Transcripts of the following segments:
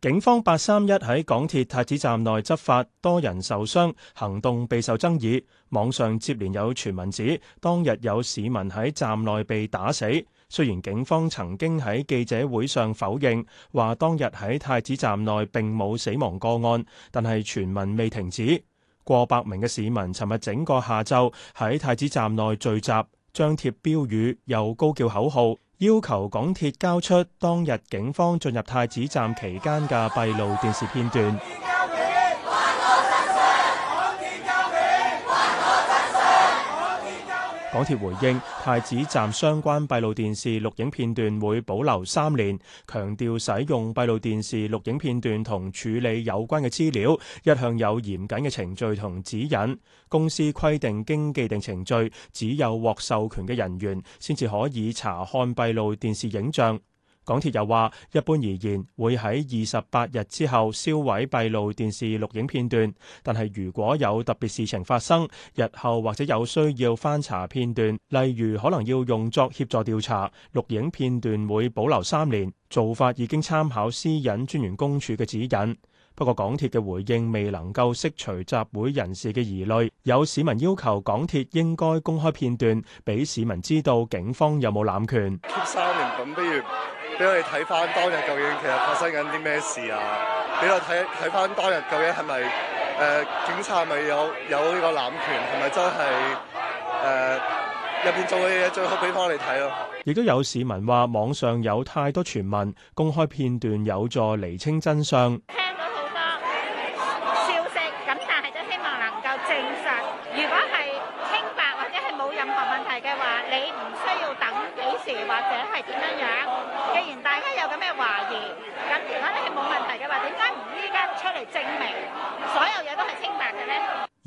警方八三一喺港鐵太子站內執法，多人受傷，行動備受爭議。網上接連有傳聞指當日有市民喺站內被打死。雖然警方曾經喺記者會上否認，話當日喺太子站內並冇死亡個案，但係傳聞未停止。過百名嘅市民尋日整個下晝喺太子站內聚集，張貼標語，又高叫口號。要求港鐵交出當日警方進入太子站期間嘅閉路電視片段。港鐵回應，太子站相關閉路電視錄影片段會保留三年，強調使用閉路電視錄影片段同處理有關嘅資料一向有嚴謹嘅程序同指引，公司規定經既定程序，只有獲授權嘅人員先至可以查看閉路電視影像。港鐵又話，一般而言會喺二十八日之後銷毀閉路電視錄影片段，但係如果有特別事情發生，日後或者有需要翻查片段，例如可能要用作協助調查，錄影片段會保留三年。做法已經參考私隱專員公署嘅指引。不過港鐵嘅回應未能夠釋除集會人士嘅疑慮，有市民要求港鐵應該公開片段俾市民知道警方有冇濫權。三年咁不如？俾我哋睇翻當日究竟其實發生緊啲咩事啊！俾我睇睇翻當日究竟係咪誒警察係咪有有呢個濫權？係咪真係誒入邊做嘅嘢最好俾翻我哋睇咯。亦都有市民話網上有太多傳聞，公開片段有助釐清真相。聽到好多消息，咁但係都希望能夠證實。如果係清白或者係冇任何問題嘅話，你唔需要等幾時或者係點樣樣。既然大家有咁嘅懷疑，咁如果你係冇問題嘅話，點解唔依家出嚟證明？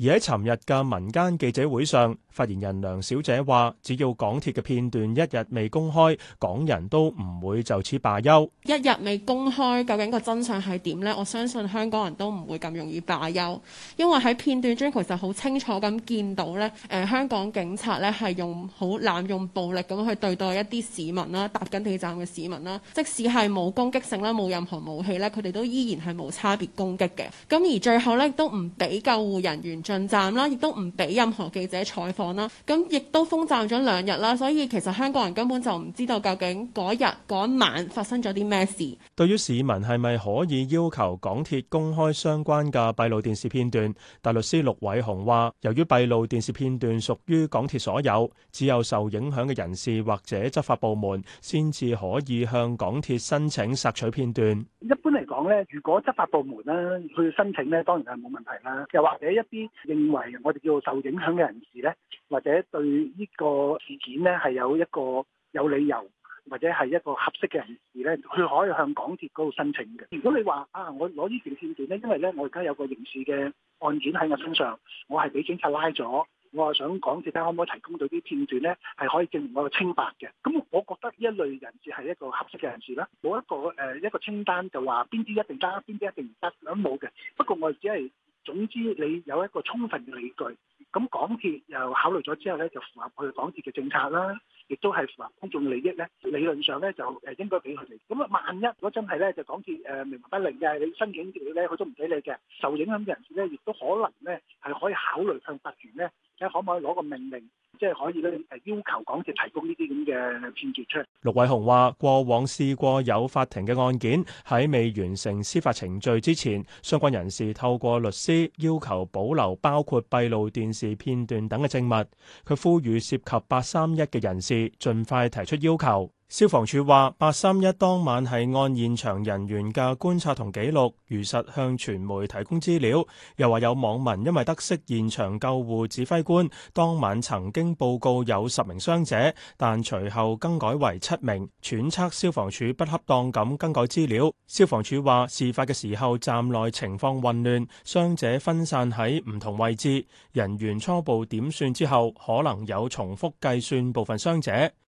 而喺尋日嘅民間記者會上，發言人梁小姐話：只要港鐵嘅片段一日未公開，港人都唔會就此罷休。一日未公開，究竟個真相係點呢？我相信香港人都唔會咁容易罷休，因為喺片段中其實好清楚咁見到呢。誒、呃、香港警察呢係用好濫用暴力咁去對待一啲市民啦，搭緊地站嘅市民啦，即使係冇攻擊性啦，冇任何武器咧，佢哋都依然係冇差別攻擊嘅。咁而最後咧，都唔俾救護人員站啦，亦都唔俾任何記者採訪啦，咁亦都封站咗兩日啦，所以其實香港人根本就唔知道究竟嗰日嗰晚發生咗啲咩事。對於市民係咪可以要求港鐵公開相關嘅閉路電視片段？大律師陸偉雄話，由於閉路電視片段屬於港鐵所有，只有受影響嘅人士或者執法部門先至可以向港鐵申請索取片段。一般嚟講呢，如果執法部門呢去申請呢，當然係冇問題啦。又或者一啲。認為我哋叫受影響嘅人士呢，或者對呢個事件呢，係有一個有理由，或者係一個合適嘅人士呢，佢可以向港鐵嗰度申請嘅。如果你話啊，我攞呢條片段呢，因為呢，我而家有個刑事嘅案件喺我身上，我係俾警察拉咗，我係想港鐵睇可唔可以提供到啲片段呢？係可以證明我嘅清白嘅。咁我覺得呢一類人士係一個合適嘅人士啦。冇一個誒、呃、一個清單就話邊啲一定得，邊啲一定唔得，咁冇嘅。不過我只係。總之，你有一個充分嘅理據，咁港鐵又考慮咗之後咧，就符合佢哋港鐵嘅政策啦，亦都係符合公眾利益咧。理論上咧就誒應該俾佢哋，咁啊萬一如果真係咧就港鐵誒、呃、明文不令嘅，你申請條咧佢都唔俾你嘅，受影響嘅人士咧亦都可能咧係可以考慮向特權咧睇可唔可以攞個命令。即係可以咧，要求港鐵提供呢啲咁嘅片段出。陸偉雄話：過往試過有法庭嘅案件喺未完成司法程序之前，相關人士透過律師要求保留包括閉路電視片段等嘅證物。佢呼籲涉及八三一嘅人士盡快提出要求。消防處話八三一當晚係按現場人員嘅觀察同記錄，如實向傳媒提供資料。又話有網民因為得悉現場救護指揮官當晚曾經報告有十名傷者，但隨後更改為七名，揣測消防處不恰當咁更改資料。消防處話事發嘅時候，站內情況混亂，傷者分散喺唔同位置，人員初步點算之後，可能有重複計算部分傷者。